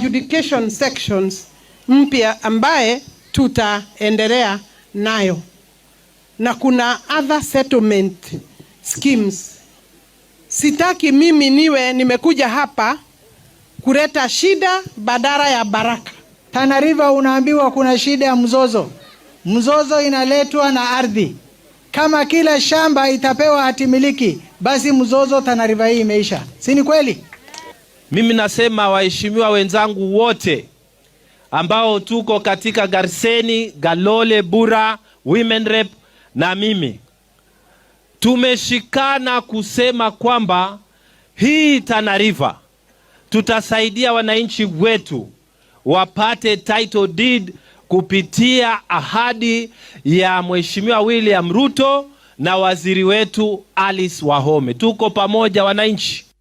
adjudication sections mpya ambaye tutaendelea nayo, na kuna other settlement schemes. Sitaki mimi niwe nimekuja hapa kuleta shida badala ya baraka. Tana River unaambiwa kuna shida ya mzozo. Mzozo inaletwa na ardhi. Kama kila shamba itapewa hatimiliki, basi mzozo Tana River hii imeisha, si ni kweli? Mimi nasema waheshimiwa wenzangu wote ambao tuko katika Garseni, Galole, Bura, Women Rep na mimi tumeshikana kusema kwamba hii Tana River tutasaidia wananchi wetu wapate title deed kupitia ahadi ya Mheshimiwa William Ruto na waziri wetu Alice Wahome. Tuko pamoja wananchi.